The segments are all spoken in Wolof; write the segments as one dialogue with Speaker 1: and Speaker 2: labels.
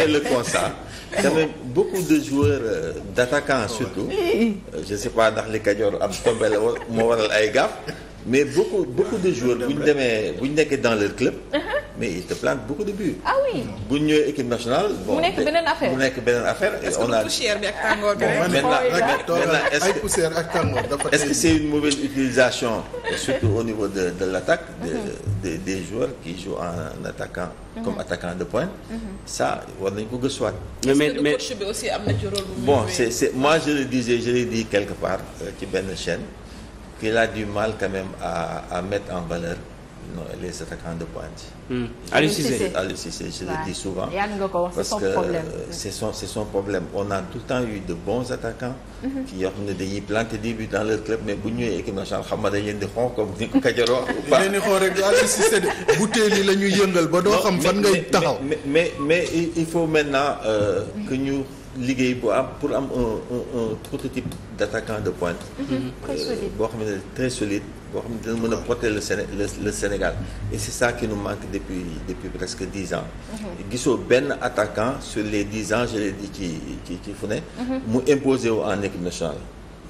Speaker 1: fait le constat quand même beaucoup de joueurs euh, surtout euh, je sais pas ndax li Kajoor am tombé la moo waral ay gaaf mais beaucoup beaucoup de joueurs bu ñu demee bu ñu nekkee dans leur club uh-huh. mais il te plante beaucoup de buts. ah bu ñu ñëwee équipe nationale. bon mu nekk beneen affaire mu nekk beneen a poussière bi ak tàngoor est ce que c' une mauvaise utilisation. surtout au niveau de de l' attaque. de mm-hmm. des joueurs qui jouent en attaquant. Mm-hmm. comme attaquant de pointe. Mm-hmm. ça war nañ ko gëstuwaat. mais mais coach bi aussi am na ci rôle bu bon c' est c' est moi je le disais je l'ai dit quelque part euh, ci benn chaîne. qu'il a du mal quand même à à mettre en valeur. non les attaquants de pointe. Hmm. Aliou Cissé Aliou Cissé je le dis souvent. yàgg nga ko wax c'est son problème parce euh, que c'est son c'est son problème on a tout le temps eu de bons attaquants. ki mhm. yoo xam ne dañuy planter des buts dans leur club mais bu ñu ñëwee équipe nationale xam nga dañ leen ko Kajoor wax. ou rek Aliou Cissé butéel yi la ñuy yëngal ba doo xam fan ngay taxaw. mais mais mais il faut maintenant euh, que ñu. liggéey bu am pour am un un un prototype d' attaquant de pointe. Mm-hmm. très euh, boo xam ne très solide boo xam ne dina mën a protéger le le Sénégal et c' est ça qui nous manque depuis depuis presque dix ans. Mm-hmm. gisoo benn attaquant sur les dix ans je l'ai dit ci ci ci fu ne. Mm-hmm. mu imposer wu en équipe nationale.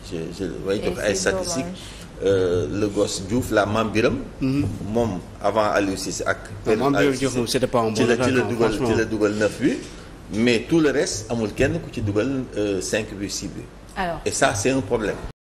Speaker 1: je je way jox ay statistiques. Euh, le gosse Diouf la Mame Biram moom -hmm. avant Aliou Cissé ak. ci la dugal neuf bi. mais tout le reste amul kenn ku ci dugal euh, cinq bi six bi. alors et ça c'est un problème.